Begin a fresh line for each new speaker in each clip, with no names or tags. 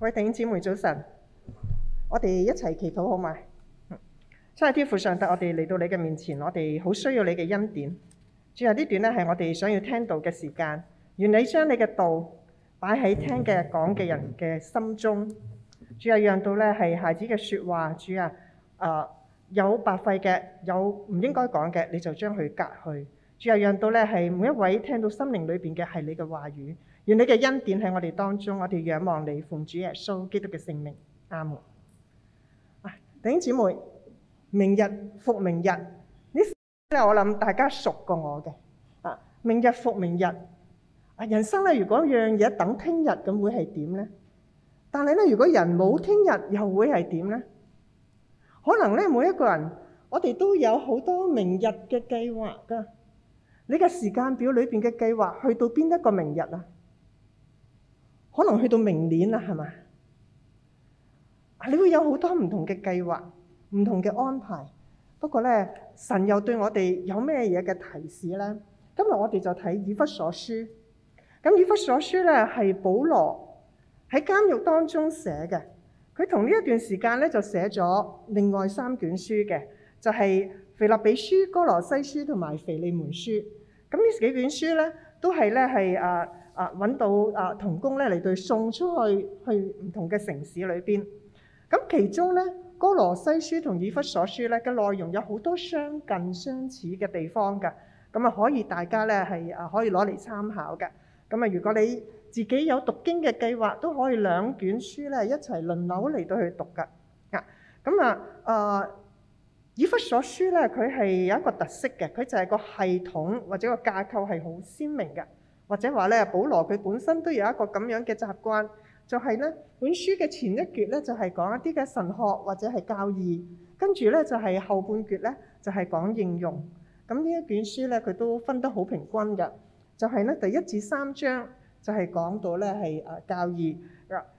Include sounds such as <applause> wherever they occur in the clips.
各位弟兄姊妹早晨，我哋一齊祈禱好嗎？真係天父上帝，我哋嚟到你嘅面前，我哋好需要你嘅恩典。主啊，呢段呢，係我哋想要聽道嘅時間。願你將你嘅道擺喺聽嘅講嘅人嘅心中。主要讓到呢，係孩子嘅說話。主啊，誒、呃，有白費嘅，有唔應該講嘅，你就將佢隔去。主要讓到呢，係每一位聽到心靈裏邊嘅係你嘅話語。願你嘅恩典喺我哋當中，我哋仰望你奉主耶穌基督嘅聖名。阿門。弟兄姊妹，明日復明日，呢，我諗大家熟過我嘅啊。明日復明日，啊，人生咧，如果樣嘢等聽日，咁會係點咧？但係咧，如果人冇聽日，又會係點咧？可能咧，每一個人，我哋都有好多明日嘅計劃㗎。你嘅時間表裏邊嘅計劃，去到邊一個明日啊？可能去到明年啦，係嘛？啊，你會有好多唔同嘅計劃、唔同嘅安排。不過咧，神又對我哋有咩嘢嘅提示咧？今日我哋就睇以弗所書。咁以弗所書咧係保羅喺監獄當中寫嘅。佢同呢一段時間咧就寫咗另外三卷書嘅，就係、是、腓立比書、哥羅西書同埋腓利門書。咁呢幾卷書咧都係咧係啊。啊！搵到啊，同工咧嚟到送出去去唔同嘅城市裏邊。咁其中咧，《哥羅西書》同《以弗所書》咧嘅內容有好多相近相似嘅地方㗎，咁啊可以大家咧係啊可以攞嚟參考㗎。咁啊，如果你自己有讀經嘅計劃，都可以兩卷書咧一齊輪流嚟到去讀㗎。啊，咁啊啊，《以弗所書》咧佢係有一個特色嘅，佢就係個系統或者個架構係好鮮明嘅。或者話咧，保羅佢本身都有一個咁樣嘅習慣，就係、是、咧本書嘅前一橛咧就係講一啲嘅神學或者係教義，跟住咧就係後半橛咧就係講應用。咁呢一卷書咧佢都分得好平均嘅，就係、是、咧第一至三章就係講到咧係誒教義，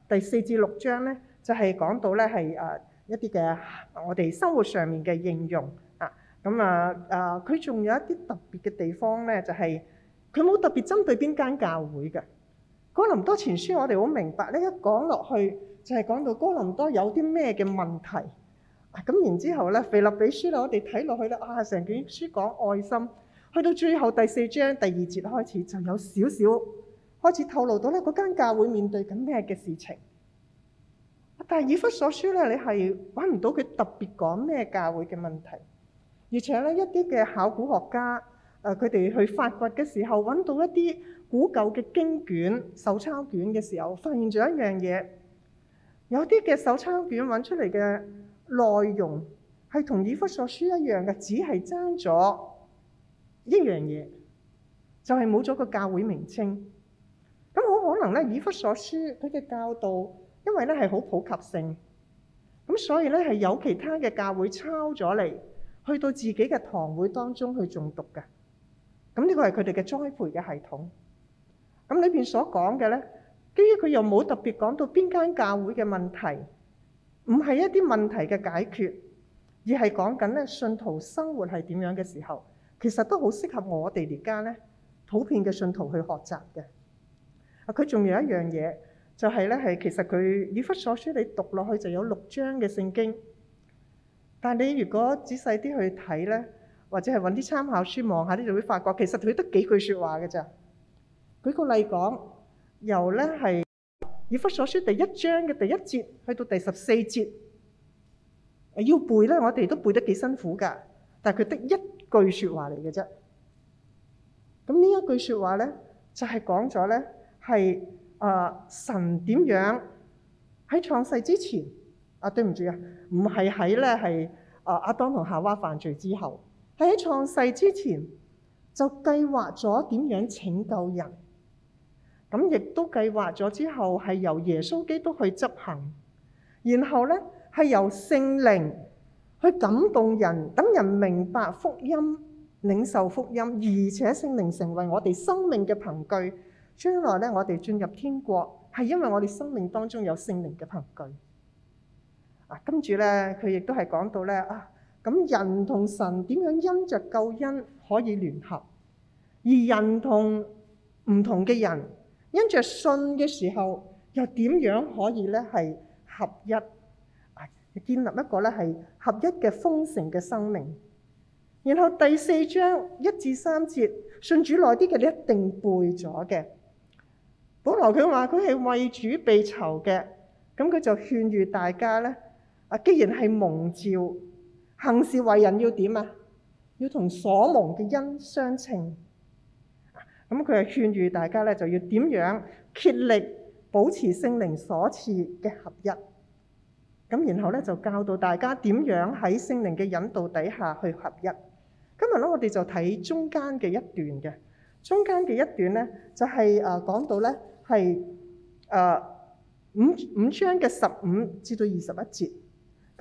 第四至六章咧就係講到咧係誒一啲嘅我哋生活上面嘅應用啊。咁啊啊，佢、啊、仲有一啲特別嘅地方咧，就係、是。佢冇特別針對邊間教會嘅《哥林多前書》，我哋好明白。呢一講落去就係講到哥林多有啲咩嘅問題。咁然之後咧，《腓立比書》咧，我哋睇落去咧，啊，成卷書講愛心。去到最後第四章第二節開始就有少少開始透露到咧，嗰間教會面對緊咩嘅事情。但係《以弗所書》咧，你係揾唔到佢特別講咩教會嘅問題。而且咧，一啲嘅考古學家。誒佢哋去發掘嘅時候，揾到一啲古舊嘅經卷手抄卷嘅時候，發現咗一樣嘢。有啲嘅手抄卷揾出嚟嘅內容係同以弗所書一樣嘅，只係爭咗一樣嘢，就係冇咗個教會名稱。咁好可能咧，以弗所書佢嘅教導，因為咧係好普及性，咁所以咧係有其他嘅教會抄咗嚟，去到自己嘅堂會當中去誦讀嘅。咁呢個係佢哋嘅栽培嘅系統。咁裏邊所講嘅咧，基於佢又冇特別講到邊間教會嘅問題，唔係一啲問題嘅解決，而係講緊咧信徒生活係點樣嘅時候，其實都好適合我哋而家咧普遍嘅信徒去學習嘅。啊，佢仲有一樣嘢就係咧，係其實佢以弗所書你讀落去就有六章嘅聖經，但你如果仔細啲去睇咧。或者係揾啲參考書望下，呢就會發覺其實佢得幾句説話嘅咋。舉個例講，由咧係《以弗所書》第一章嘅第一節去到第十四節，要背咧，我哋都背得幾辛苦㗎。但係佢得一句説話嚟嘅啫。咁呢一句説話咧，就係、是、講咗咧係啊神，點樣喺創世之前啊？對唔住啊，唔係喺咧係啊阿當同夏娃犯罪之後。喺創世之前就計劃咗點樣拯救人，咁亦都計劃咗之後係由耶穌基督去執行，然後咧係由聖靈去感動人，等人明白福音、領受福音，而且聖靈成為我哋生命嘅憑據。將來咧，我哋進入天國，係因為我哋生命當中有聖靈嘅憑據。啊，跟住咧，佢亦都係講到咧啊。咁人同神點樣因着救恩可以聯合？而人同唔同嘅人因着信嘅時候，又點樣可以咧係合一？建立一個咧係合一嘅豐盛嘅生命。然後第四章一至三節，信主耐啲嘅你一定背咗嘅。保羅佢話：佢係為主被囚嘅，咁佢就勸喻大家咧。啊，既然係蒙召。行事為人要點啊？要同所蒙嘅恩相稱。咁佢係勸喻大家咧，就要點樣竭力保持聖靈所賜嘅合一。咁然後咧就教導大家點樣喺聖靈嘅引導底下，去合一。今日咧，我哋就睇中間嘅一段嘅。中間嘅一段咧，就係、是、誒、呃、講到咧係誒五五章嘅十五至到二十一節。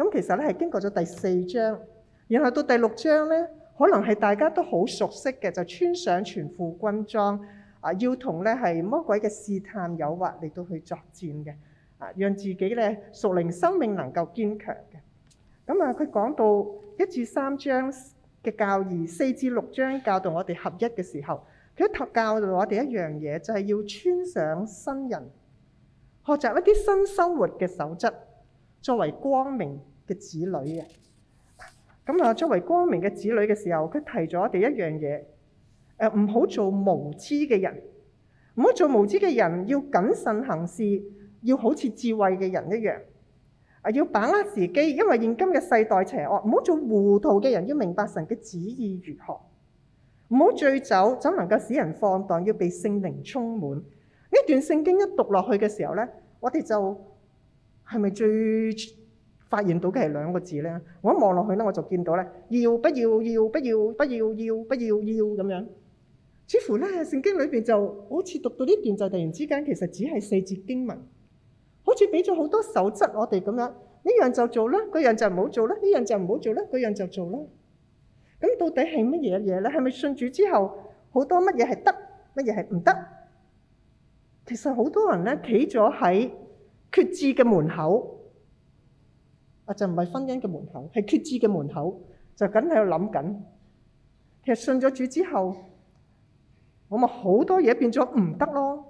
咁其實咧係經過咗第四章，然後到第六章咧，可能係大家都好熟悉嘅，就穿上全副軍裝啊，要同咧係魔鬼嘅試探誘惑嚟到去作戰嘅啊，讓自己咧屬靈生命能夠堅強嘅。咁啊，佢講到一至三章嘅教義，四至六章教導我哋合一嘅時候，佢教教導我哋一樣嘢，就係要穿上新人，學習一啲新生活嘅守則，作為光明嘅子女嘅，咁啊，作為光明嘅子女嘅時候，佢提咗我哋一樣嘢，誒、呃，唔好做無知嘅人，唔好做無知嘅人，要謹慎行事，要好似智慧嘅人一樣，啊，要把握時機，因為現今嘅世代邪惡，唔好做糊塗嘅人，要明白神嘅旨意如何，唔好醉酒，酒能夠使人放蕩，要被聖靈充滿。呢段聖經一讀落去嘅時候咧，我哋就係咪最？發現到嘅係兩個字咧，我一望落去咧，我就見到咧，要不要，要不要，不要，要不要，要咁樣，似乎咧聖經裏邊就好似讀到呢段就突然之間其實只係四節經文，好似俾咗好多守則我哋咁樣，呢樣就做啦，嗰樣就唔好做啦，呢樣就唔好做啦，嗰樣就做啦。咁到底係乜嘢嘢咧？係咪信主之後好多乜嘢係得，乜嘢係唔得？其實好多人咧企咗喺決志嘅門口。就唔係婚姻嘅門口，係決志嘅門口，就梗喺度諗緊。其實信咗主之後，我咪好多嘢變咗唔得咯。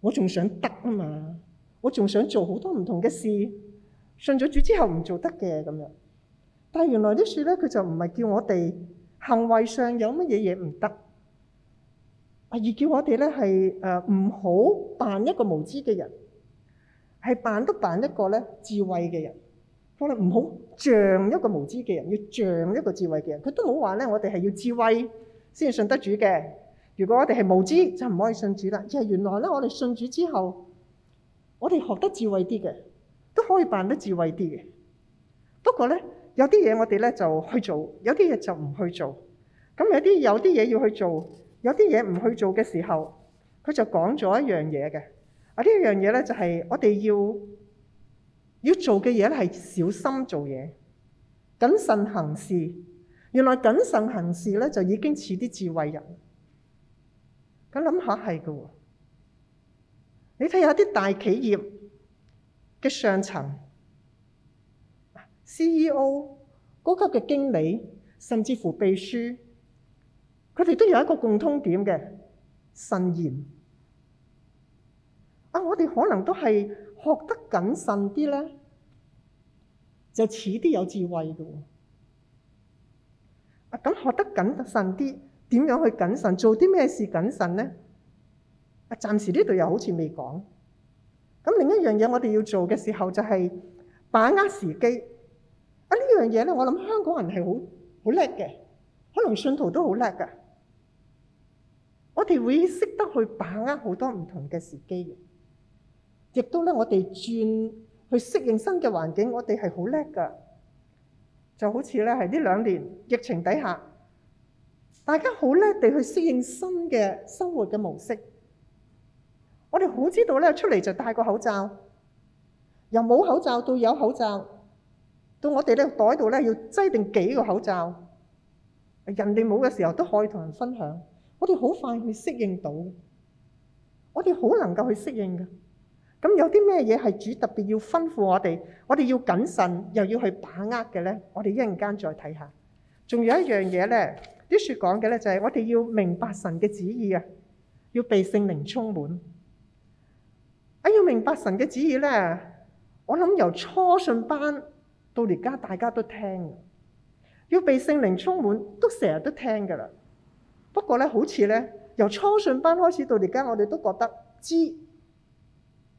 我仲想得啊嘛，我仲想做好多唔同嘅事。信咗主之後唔做得嘅咁樣，但係原來啲書咧，佢就唔係叫我哋行為上有乜嘢嘢唔得，而叫我哋咧係誒唔好扮一個無知嘅人。係扮都扮一個咧智慧嘅人，我哋唔好像一個無知嘅人，要像一個智慧嘅人。佢都冇話咧，我哋係要智慧先至信得主嘅。如果我哋係無知，就唔可以信主啦。而係原來咧，我哋信主之後，我哋學得智慧啲嘅，都可以扮得智慧啲嘅。不過咧，有啲嘢我哋咧就去做，有啲嘢就唔去做。咁有啲有啲嘢要去做，有啲嘢唔去做嘅時候，佢就講咗一樣嘢嘅。啊！呢一樣嘢咧，就係我哋要要做嘅嘢，係小心做嘢，謹慎行事。原來謹慎行事咧，就已經似啲智慧人。咁諗下係嘅喎，你睇下啲大企業嘅上層、CEO、高級嘅經理，甚至乎秘書，佢哋都有一個共通點嘅慎言。啊！我哋可能都係學得謹慎啲咧，就似啲有智慧嘅喎。咁、啊啊、學得謹慎啲，點樣去謹慎？做啲咩事謹慎咧？啊！暫時呢度又好似未講。咁、啊、另一樣嘢，我哋要做嘅時候就係把握時機。啊！樣呢樣嘢咧，我諗香港人係好好叻嘅，可能信徒都好叻㗎。我哋會識得去把握好多唔同嘅時機嘅。亦都咧，我哋轉去適應新嘅環境，我哋係好叻噶。就好似咧，喺呢兩年疫情底下，大家好叻地去適應新嘅生活嘅模式。我哋好知道咧，出嚟就戴個口罩，由冇口罩到有口罩，到我哋咧袋度咧要擠定幾個口罩。人哋冇嘅時候都可以同人分享，我哋好快去適應到，我哋好能夠去適應嘅。咁有啲咩嘢係主特別要吩咐我哋？我哋要謹慎，又要去把握嘅咧。我哋一陣間再睇下。仲有一樣嘢咧，啲說講嘅咧就係我哋要明白神嘅旨意啊，要被聖靈充滿。啊，要明白神嘅旨意咧，我諗由初信班到而家，大家都聽。要被聖靈充滿，都成日都聽噶啦。不過咧，好似咧，由初信班開始到而家，我哋都覺得知。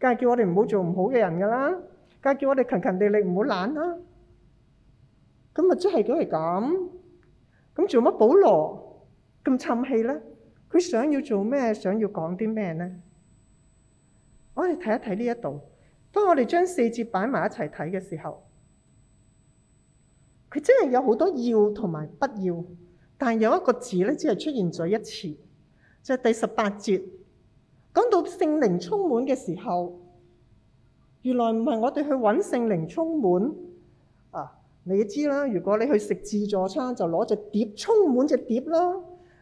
梗係叫我哋唔好做唔好嘅人噶啦，梗係叫我哋勤勤力力唔好懶啦。咁咪即係都係咁。咁做乜保羅咁沉氣咧？佢想要做咩？想要講啲咩咧？我哋睇一睇呢一度，當我哋將四節擺埋一齊睇嘅時候，佢真係有好多要同埋不要，但係有一個字咧，只係出現咗一次，就係第十八節。講到聖靈充滿嘅時候，原來唔係我哋去揾聖靈充滿啊！你知啦，如果你去食自助餐，就攞隻碟充滿隻碟啦。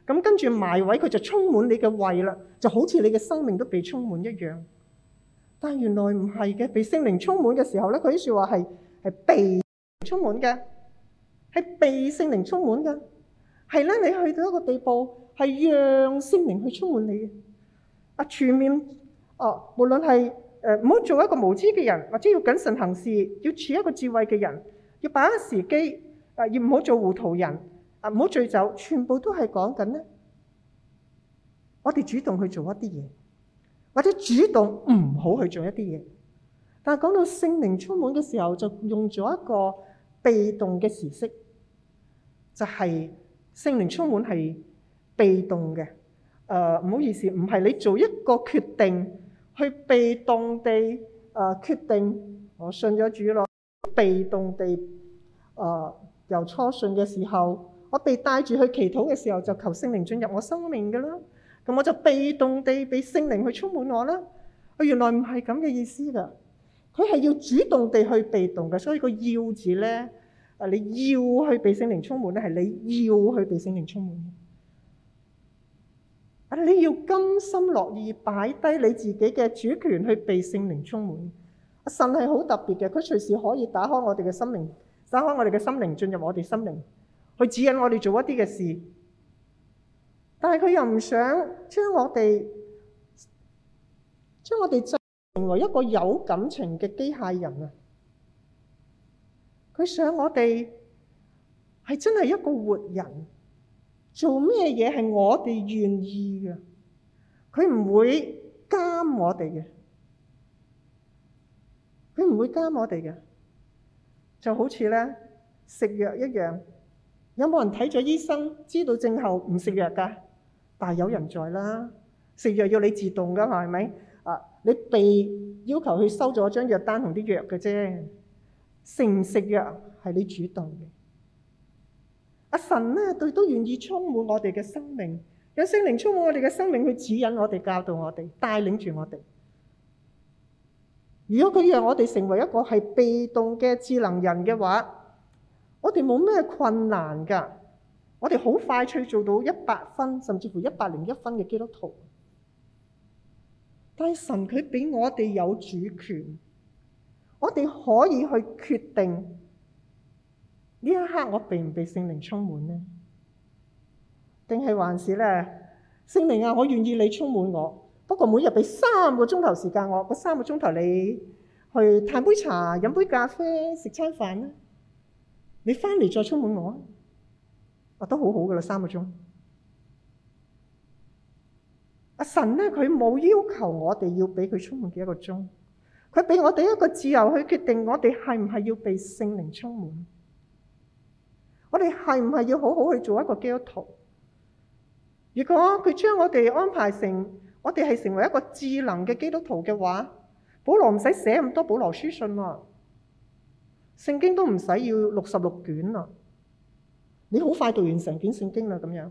咁、嗯、跟住埋位佢就充滿你嘅胃啦，就好似你嘅生命都被充滿一樣。但係原來唔係嘅，被聖靈充滿嘅時候咧，佢啲説話係係被充滿嘅，係被聖靈充滿嘅。係啦，你去到一個地步，係讓聖靈去充滿你嘅。啊！全面哦，無論係，誒、呃，唔好做一個無知嘅人，或者要謹慎行事，要處一個智慧嘅人，要把握時機，啊、呃，要唔好做糊塗人，啊、呃，唔好醉酒，全部都係講緊咧。我哋主動去做一啲嘢，或者主動唔好去做一啲嘢。但係講到聖靈充滿嘅時候，就用咗一個被動嘅時式，就係、是、聖靈充滿係被動嘅。誒唔、呃、好意思，唔係你做一個決定去被動地誒、呃、決定我信咗主咯，被動地誒、呃、由初信嘅時候，我被帶住去祈禱嘅時候就求聖靈進入我生命嘅啦，咁我就被動地畀聖靈去充滿我啦。佢原來唔係咁嘅意思噶，佢係要主動地去被動嘅，所以、個要字咧，誒你要去被聖靈充滿咧，係你要去被聖靈充滿。你要甘心樂意擺低你自己嘅主權，去被聖靈充滿。阿神係好特別嘅，佢隨時可以打開我哋嘅心靈，打開我哋嘅心靈進入我哋心靈，去指引我哋做一啲嘅事。但係佢又唔想將我哋將我哋作成為一個有感情嘅機械人啊！佢想我哋係真係一個活人。做咩嘢係我哋願意嘅，佢唔會監我哋嘅，佢唔會監我哋嘅，就好似呢食藥一樣。有冇人睇咗醫生，知道症候唔食藥㗎？大有人在啦。食藥要你自動㗎，係咪？啊，你被要求去收咗張藥單同啲藥嘅啫，食唔食藥係你主動嘅。阿神呢，對都願意充滿我哋嘅生命，有聖靈充滿我哋嘅生命去指引我哋、教導我哋、帶領住我哋。如果佢讓我哋成為一個係被動嘅智能人嘅話，我哋冇咩困難㗎。我哋好快脆做到一百分，甚至乎一百零一分嘅基督徒。但係神佢俾我哋有主權，我哋可以去決定。呢一刻我被唔被聖靈充滿呢？定係還是咧聖靈啊？我願意你充滿我，不過每日俾三個鐘頭時，時間我，三個鐘頭你去嘆杯茶、飲杯咖啡、食餐飯啦。你翻嚟再充滿我啊！啊，都好好㗎喇，三個鐘。阿、啊、神呢，佢冇要求我哋要俾佢充滿幾多個鐘，佢俾我哋一個自由去決定我哋係唔係要被聖靈充滿。我哋係唔係要好好去做一個基督徒？如果佢將我哋安排成我哋係成為一個智能嘅基督徒嘅話，保羅唔使寫咁多保羅書信喎，聖經都唔使要六十六卷啦。你好快讀完成卷聖經啦，咁樣。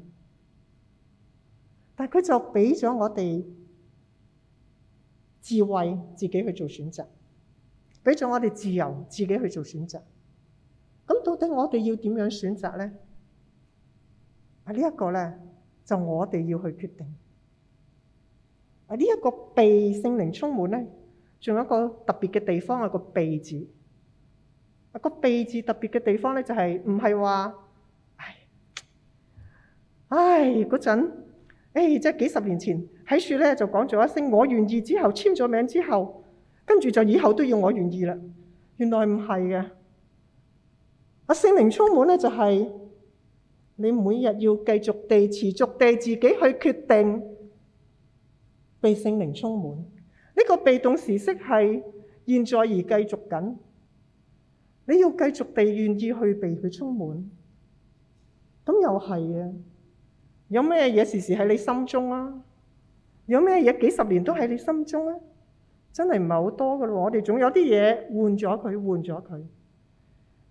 但佢就俾咗我哋智慧自己去做選擇，俾咗我哋自由自己去做選擇。咁到底我哋要點樣選擇咧？啊、這個，呢一個咧就我哋要去決定。啊、這個，呢一個被聖靈充滿咧，仲有一個特別嘅地方係個被字。啊，個被字特別嘅地方咧，就係唔係話唉唉嗰陣誒，即係幾十年前喺樹咧就講咗一聲我願意，之後簽咗名之後，跟住就以後都要我願意啦。原來唔係嘅。啊，聖靈充滿咧，就係你每日要繼續地、持續地自己去決定被聖靈充滿。呢、這個被動時息係現在而繼續緊。你要繼續地願意去被佢充滿，咁又係啊？有咩嘢時時喺你心中啊？有咩嘢幾十年都喺你心中啊？真係唔係好多噶咯？我哋總有啲嘢換咗佢，換咗佢。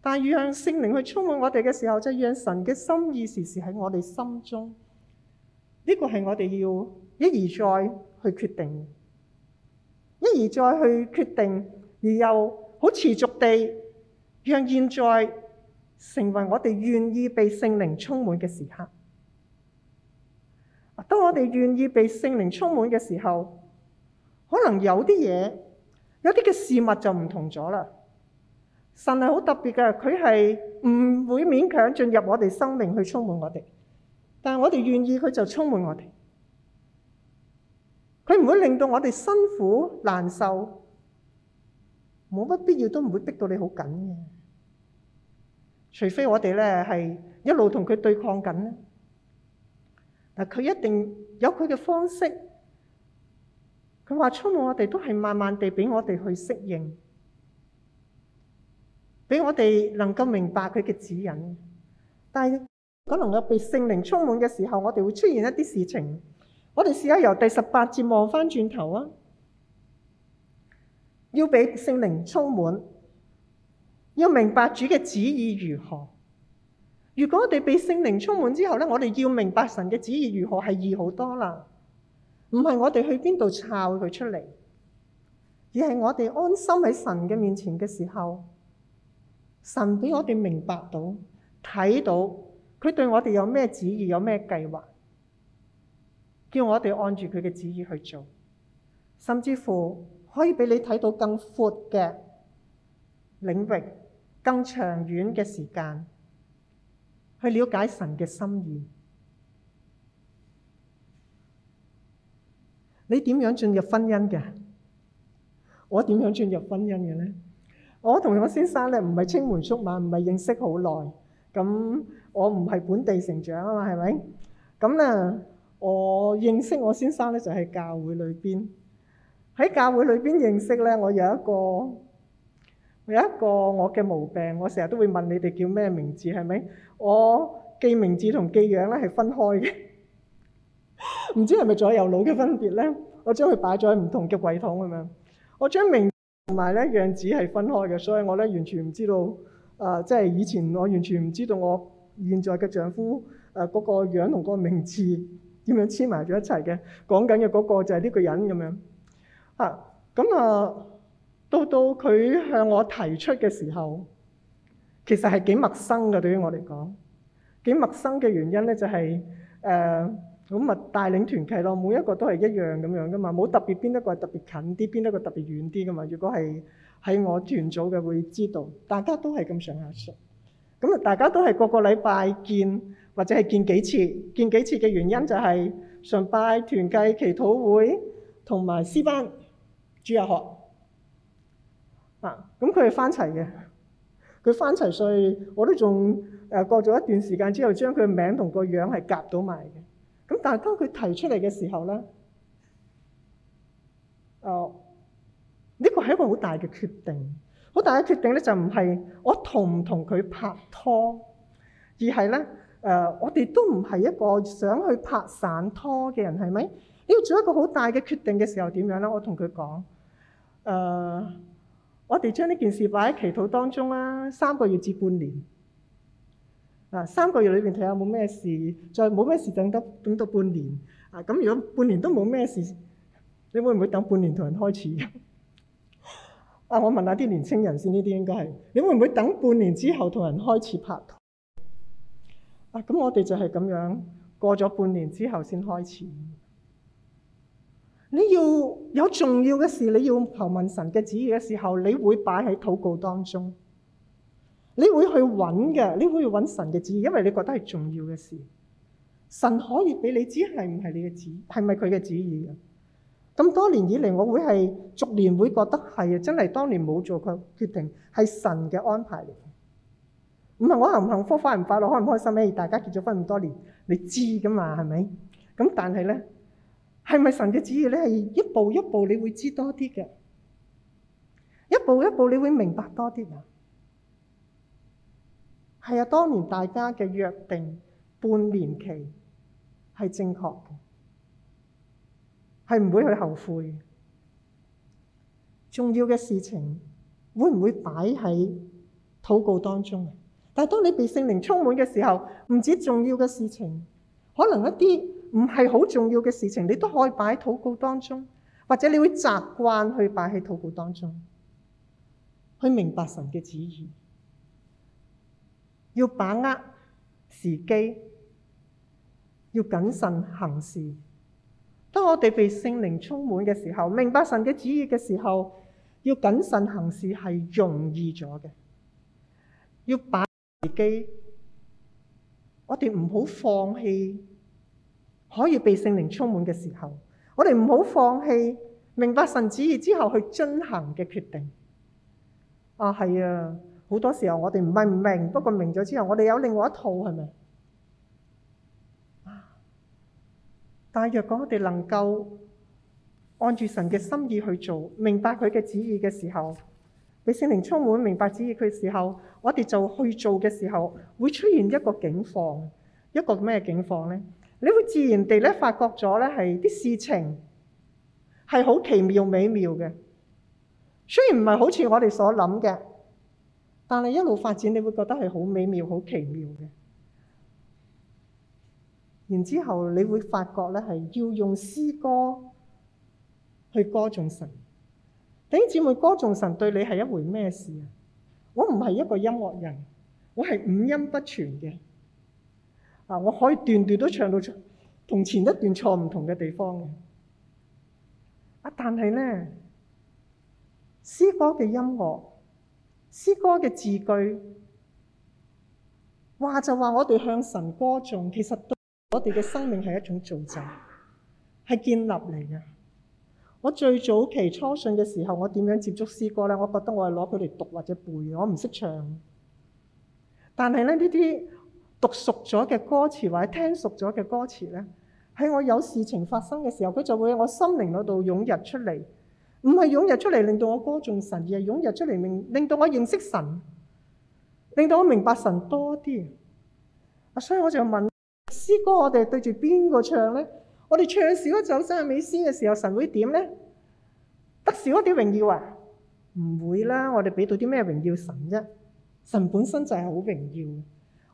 但係讓聖靈去充滿我哋嘅時候，就是、讓神嘅心意時時喺我哋心中。呢、這個係我哋要一而再去決定，一而再去決定，而又好持續地讓現在成為我哋願意被聖靈充滿嘅時刻。當我哋願意被聖靈充滿嘅時候，可能有啲嘢，有啲嘅事物就唔同咗啦。神係好特別嘅，佢係唔會勉強進入我哋生命去充滿我哋，但係我哋願意，佢就充滿我哋。佢唔會令到我哋辛苦難受，冇乜必要都唔會逼到你好緊嘅，除非我哋咧係一路同佢對抗緊咧。嗱，佢一定有佢嘅方式，佢話充滿我哋都係慢慢地畀我哋去適應。俾我哋能夠明白佢嘅指引，但係，可能我被聖靈充滿嘅時候，我哋會出現一啲事情。我哋試下由第十八節望返轉頭啊！要畀聖靈充滿，要明白主嘅旨意如何。如果我哋被聖靈充滿之後咧，我哋要明白神嘅旨意如何係易好多啦。唔係我哋去邊度抄佢出嚟，而係我哋安心喺神嘅面前嘅時候。神畀我哋明白到、睇到佢對我哋有咩旨意、有咩計劃，叫我哋按住佢嘅旨意去做，甚至乎可以畀你睇到更闊嘅領域、更長遠嘅時間去了解神嘅心意。你點樣進入婚姻嘅？我點樣進入婚姻嘅咧？我同我先生咧唔係青梅竹馬，唔係認識好耐。咁我唔係本地成長啊嘛，係咪？咁咧，我認識我先生咧就係教會裏邊。喺教會裏邊認識咧，我有一個有一個我嘅毛病，我成日都會問你哋叫咩名字，係咪？我記名字同記樣咧係分開嘅。唔知係咪左右腦嘅分別咧？我將佢擺咗喺唔同嘅櫃桶咁樣。我將名同埋咧，樣子係分開嘅，所以我咧完全唔知道，誒、呃，即係以前我完全唔知道，我現在嘅丈夫誒嗰、呃嗰個樣同個名字點樣黐埋咗一齊嘅，講緊嘅嗰個就係呢個人咁樣。吓、啊，咁啊，到到佢向我提出嘅時候，其實係幾陌生嘅，對於我嚟講，幾陌生嘅原因咧就係、是、誒。呃咁咪帶領團契咯，每一個都係一樣咁樣噶嘛，冇特別邊一個係特別近啲，邊一個特別遠啲噶嘛。如果係喺我團組嘅會知道，大家都係咁上下熟。咁啊，大家都係個個禮拜見，或者係見幾次。見幾次嘅原因就係、是、上拜團契、祈禱會同埋師班主日學啊。咁佢係翻齊嘅，佢翻齊，所以我都仲誒過咗一段時間之後，將佢名同個樣係夾到埋嘅。咁但係當佢提出嚟嘅時候咧，誒呢個係一個好大嘅決定，好大嘅決定咧就唔係我同唔同佢拍拖，而係咧誒我哋都唔係一個想去拍散拖嘅人，係咪？你要做一個好大嘅決定嘅時候點樣咧？我同佢講誒，我哋將呢件事擺喺祈禱當中啦，三個月至半年。三個月裏面睇下冇咩事，再冇咩事等得到半年。啊，咁如果半年都冇咩事，你會唔會等半年同人開始？ <laughs> 啊，我問下啲年青人先，呢啲應該係你會唔會等半年之後同人開始拍拖？啊，咁我哋就係咁樣過咗半年之後先開始。你要有重要嘅事，你要求問神嘅旨意嘅時候，你會擺喺禱告當中。你會去揾嘅，你會去揾神嘅旨意，因為你覺得係重要嘅事。神可以俾你知，知係唔係你嘅旨，係咪佢嘅旨意嘅？咁多年以嚟，我會係逐年會覺得係啊，真係當年冇做過決定係神嘅安排嚟嘅。唔係我幸唔幸福、快唔快樂、開唔開心？咩？大家結咗婚咁多年，你知噶嘛？係咪？咁但係咧，係咪神嘅旨意咧？你係一步一步，你會知多啲嘅，一步一步你會明白多啲啊！係啊，當年大家嘅約定半年期係正確嘅，係唔會去後悔。重要嘅事情會唔會擺喺禱告當中？但係當你被聖靈充滿嘅時候，唔止重要嘅事情，可能一啲唔係好重要嘅事情，你都可以擺喺禱告當中，或者你會習慣去擺喺禱告當中，去明白神嘅旨意。要把握時機，要謹慎行事。當我哋被聖靈充滿嘅時候，明白神嘅旨意嘅時候，要謹慎行事係容易咗嘅。要把握時機，我哋唔好放棄可以被聖靈充滿嘅時候，我哋唔好放棄明白神旨意之後去進行嘅決定。啊，係啊。好多時候我哋唔係唔明，不過明咗之後，我哋有另外一套係咪？但係若果我哋能夠按住神嘅心意去做，明白佢嘅旨意嘅時候，畀聖靈充滿明白旨意佢嘅時候，我哋就去做嘅時候，會出現一個境況，一個咩境況咧？你會自然地咧發覺咗咧係啲事情係好奇妙美妙嘅，雖然唔係好似我哋所諗嘅。但係一路發展，你會覺得係好美妙、好奇妙嘅。然之後，你會發覺咧，係要用詩歌去歌頌神。弟兄姊妹，歌頌神對你係一回咩事啊？我唔係一個音樂人，我係五音不全嘅。啊，我可以段段都唱到出同前一段錯唔同嘅地方嘅。啊，但係咧，詩歌嘅音樂。詩歌嘅字句，話就話我哋向神歌頌，其實對我哋嘅生命係一種造就，係建立嚟嘅。我最早期初信嘅時候，我點樣接觸詩歌咧？我覺得我係攞佢嚟讀或者背，我唔識唱。但係咧，呢啲讀熟咗嘅歌詞或者聽熟咗嘅歌詞咧，喺我有事情發生嘅時候，佢就會喺我心靈嗰度湧入出嚟。唔係湧入出嚟令到我歌頌神，而係湧入出嚟令到我認識神，令到我明白神多啲。啊，所以我就問，詩歌我哋對住邊個唱呢？我哋唱少一首聖經美詩嘅時候，神會點呢？得少一啲榮耀啊？唔會啦！我哋俾到啲咩榮耀神啫？神本身就係好榮耀。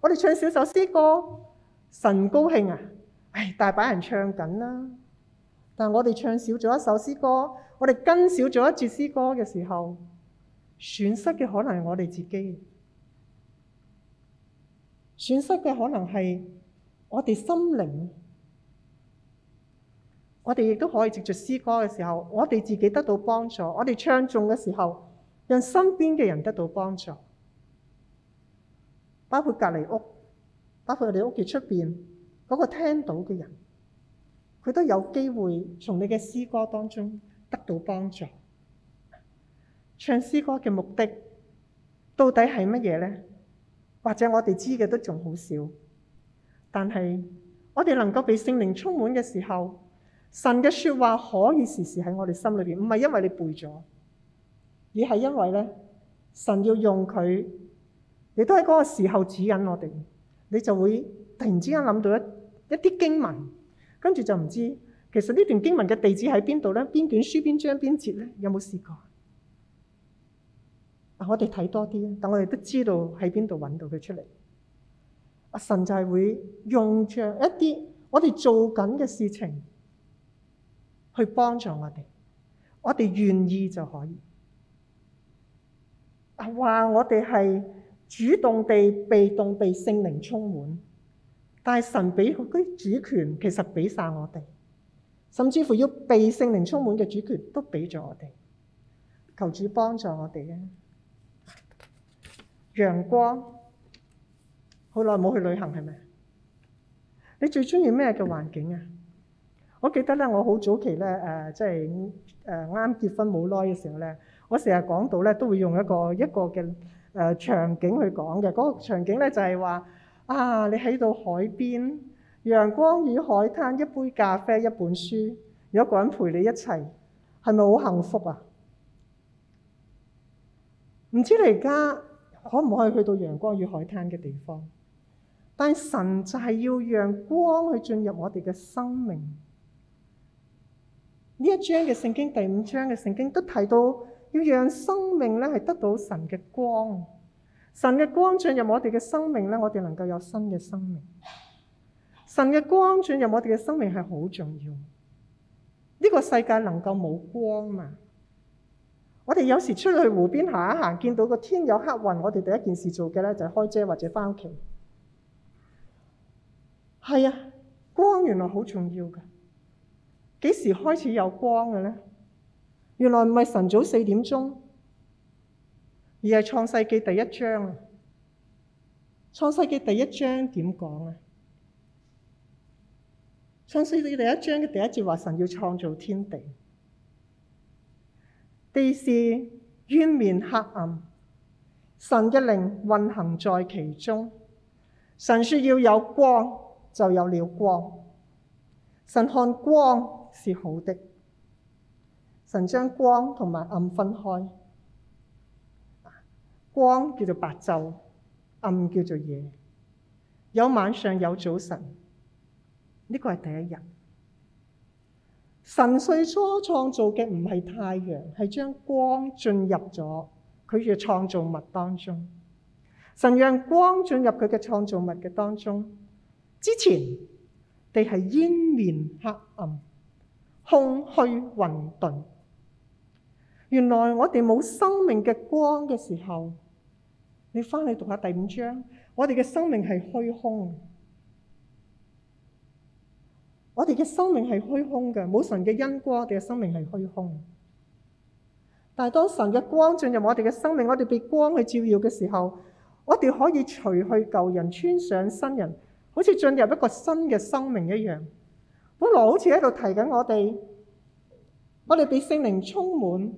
我哋唱少首詩歌，神高興啊！唉，大把人唱緊啦。但我哋唱少咗一首詩歌。我哋跟少咗一節詩歌嘅時候，損失嘅可能係我哋自己，損失嘅可能係我哋心靈。我哋亦都可以藉住詩歌嘅時候，我哋自己得到幫助；我哋唱頌嘅時候，讓身邊嘅人得到幫助，包括隔籬屋，包括我哋屋企出邊嗰個聽到嘅人，佢都有機會從你嘅詩歌當中。得到幫助，唱詩歌嘅目的到底係乜嘢呢？或者我哋知嘅都仲好少，但係我哋能夠被聖靈充滿嘅時候，神嘅説話可以時時喺我哋心裏邊，唔係因為你背咗，而係因為咧神要用佢，亦都喺嗰個時候指引我哋，你就會突然之間諗到一一啲經文，跟住就唔知。其實呢段經文嘅地址喺邊度咧？邊卷書邊章邊節咧？有冇試過？啊，我哋睇多啲，等我哋都知道喺邊度揾到佢出嚟。啊，神就係會用著一啲我哋做緊嘅事情去幫助我哋，我哋願意就可以。啊，話我哋係主動地被動被聖靈充滿，但係神俾佢啲主權其實俾晒我哋。甚至乎要被聖靈充滿嘅主權都俾咗我哋，求主幫助我哋嘅陽光，好耐冇去旅行係咪？你最中意咩嘅環境啊？我記得咧、呃即係呃，我好早期咧，誒即係誒啱結婚冇耐嘅時候咧，我成日講到咧，都會用一個一個嘅誒、呃、場景去講嘅。嗰、嗰個場景咧就係話啊，你喺到海邊。陽光與海灘，一杯咖啡，一本書，有個人陪你一齊，係咪好幸福啊？唔知你而家可唔可以去到陽光與海灘嘅地方？但神就係要讓光去進入我哋嘅生命。呢一章嘅聖經，第五章嘅聖經都提到，要讓生命咧係得到神嘅光。神嘅光進入我哋嘅生命咧，我哋能夠有新嘅生命。神嘅光進入我哋嘅生命係好重要。呢個世界能夠冇光嘛？我哋有時出去湖邊行一行，見到個天有黑雲，我哋第一件事做嘅咧就係開遮或者翻屋企。係啊，光原來好重要㗎。幾時開始有光嘅咧？原來唔係晨早四點鐘，而係創世記第一章啊！創世記第一章點講啊？創世記第一章嘅第一節話神要創造天地，地是淵面黑暗，神嘅靈運行在其中。神說要有光，就有了光。神看光是好的，神將光同埋暗分開。光叫做白晝，暗叫做夜。有晚上，有早晨。呢個係第一日，神最初創造嘅唔係太陽，係將光進入咗佢嘅創造物當中。神讓光進入佢嘅創造物嘅當中之前，地係淵面黑暗，空虛混沌。原來我哋冇生命嘅光嘅時候，你翻去讀下第五章，我哋嘅生命係虛空。我哋嘅生命係虛空嘅，冇神嘅恩光，我哋嘅生命係虛空。但係當神嘅光進入我哋嘅生命，我哋被光去照耀嘅時候，我哋可以除去舊人，穿上新人，好似進入一個新嘅生命一樣。本嚟好似喺度提緊我哋，我哋被聖靈充滿，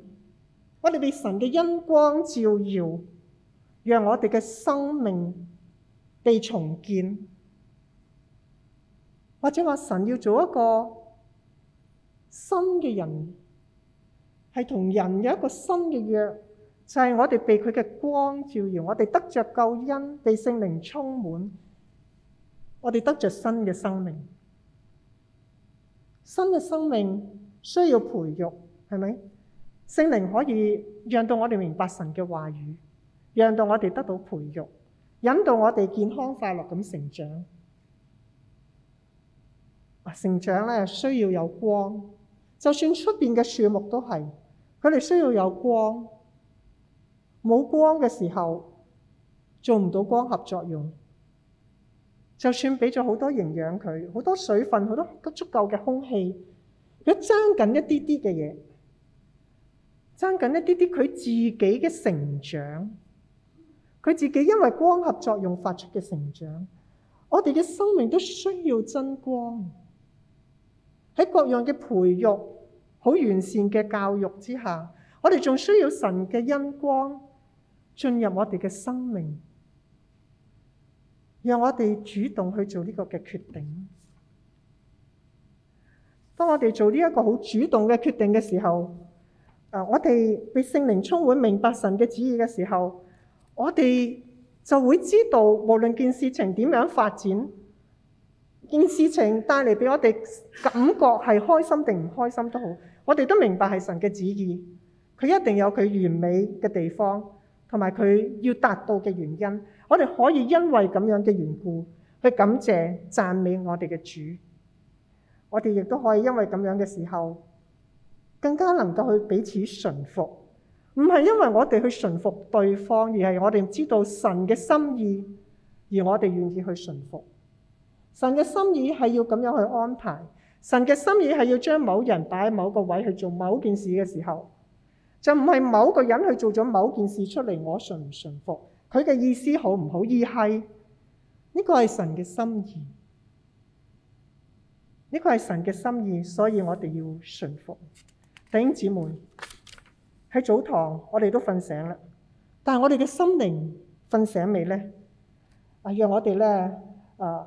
我哋被神嘅恩光照耀，讓我哋嘅生命被重建。或者話神要做一個新嘅人，係同人有一個新嘅約，就係我哋被佢嘅光照耀，我哋得着救恩，被聖靈充滿，我哋得着新嘅生命。新嘅生命需要培育，係咪？聖靈可以讓到我哋明白神嘅話語，讓到我哋得到培育，引導我哋健康快樂咁成長。成長咧需要有光，就算出面嘅樹木都係，佢哋需要有光。冇光嘅時候做唔到光合作用。就算俾咗好多營養佢、好多水分、好多足夠嘅空氣，佢爭緊一啲啲嘅嘢，爭緊一啲啲佢自己嘅成長。佢自己因為光合作用發出嘅成長，我哋嘅生命都需要增光。喺各樣嘅培育、好完善嘅教育之下，我哋仲需要神嘅恩光進入我哋嘅生命，讓我哋主動去做呢個嘅決定。當我哋做呢一個好主動嘅決定嘅時候，誒，我哋被聖靈充滿、明白神嘅旨意嘅時候，我哋就會知道無論件事情點樣發展。件事情帶嚟俾我哋感覺係開心定唔開心都好，我哋都明白係神嘅旨意，佢一定有佢完美嘅地方，同埋佢要達到嘅原因。我哋可以因為咁樣嘅緣故去感謝讚美我哋嘅主，我哋亦都可以因為咁樣嘅時候更加能夠去彼此順服。唔係因為我哋去順服對方，而係我哋知道神嘅心意，而我哋願意去順服。神嘅心意係要咁樣去安排，神嘅心意係要將某人擺喺某個位去做某件事嘅時候，就唔係某個人去做咗某件事出嚟，我順唔順服？佢嘅意思好唔好？意？係、這、呢個係神嘅心意，呢、這個係神嘅心意，所以我哋要順服。弟兄姊妹喺早堂，我哋都瞓醒啦，但係我哋嘅心靈瞓醒未呢？啊、呃，讓我哋咧，誒。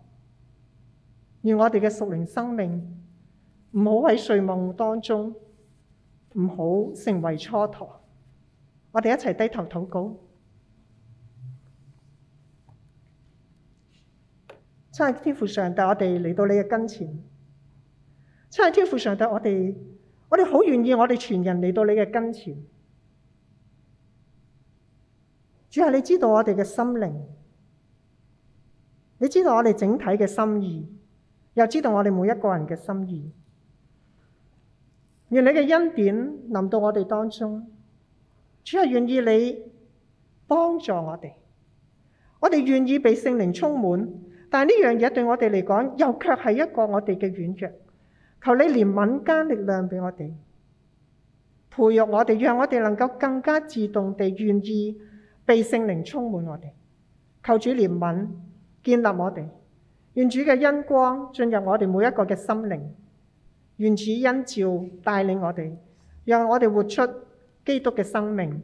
願我哋嘅屬靈生命唔好喺睡夢當中，唔好成為蹉跎。我哋一齊低頭禱告。真係天父上帝，我哋嚟到你嘅跟前。真係天父上帝，我哋我哋好願意，我哋全人嚟到你嘅跟前。主啊，你知道我哋嘅心靈，你知道我哋整體嘅心意。又知道我哋每一個人嘅心意，願你嘅恩典臨到我哋當中。主係，願意你幫助我哋，我哋願意被聖靈充滿，但係呢樣嘢對我哋嚟講，又卻係一個我哋嘅軟弱。求你憐憫加力量畀我哋，培育我哋，讓我哋能夠更加自動地願意被聖靈充滿我哋。求主憐憫，建立我哋。願主嘅恩光進入我哋每一個嘅心靈，願主恩照帶領我哋，讓我哋活出基督嘅生命。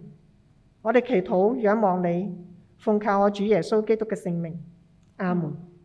我哋祈禱仰望你，奉靠我主耶穌基督嘅聖名，阿門。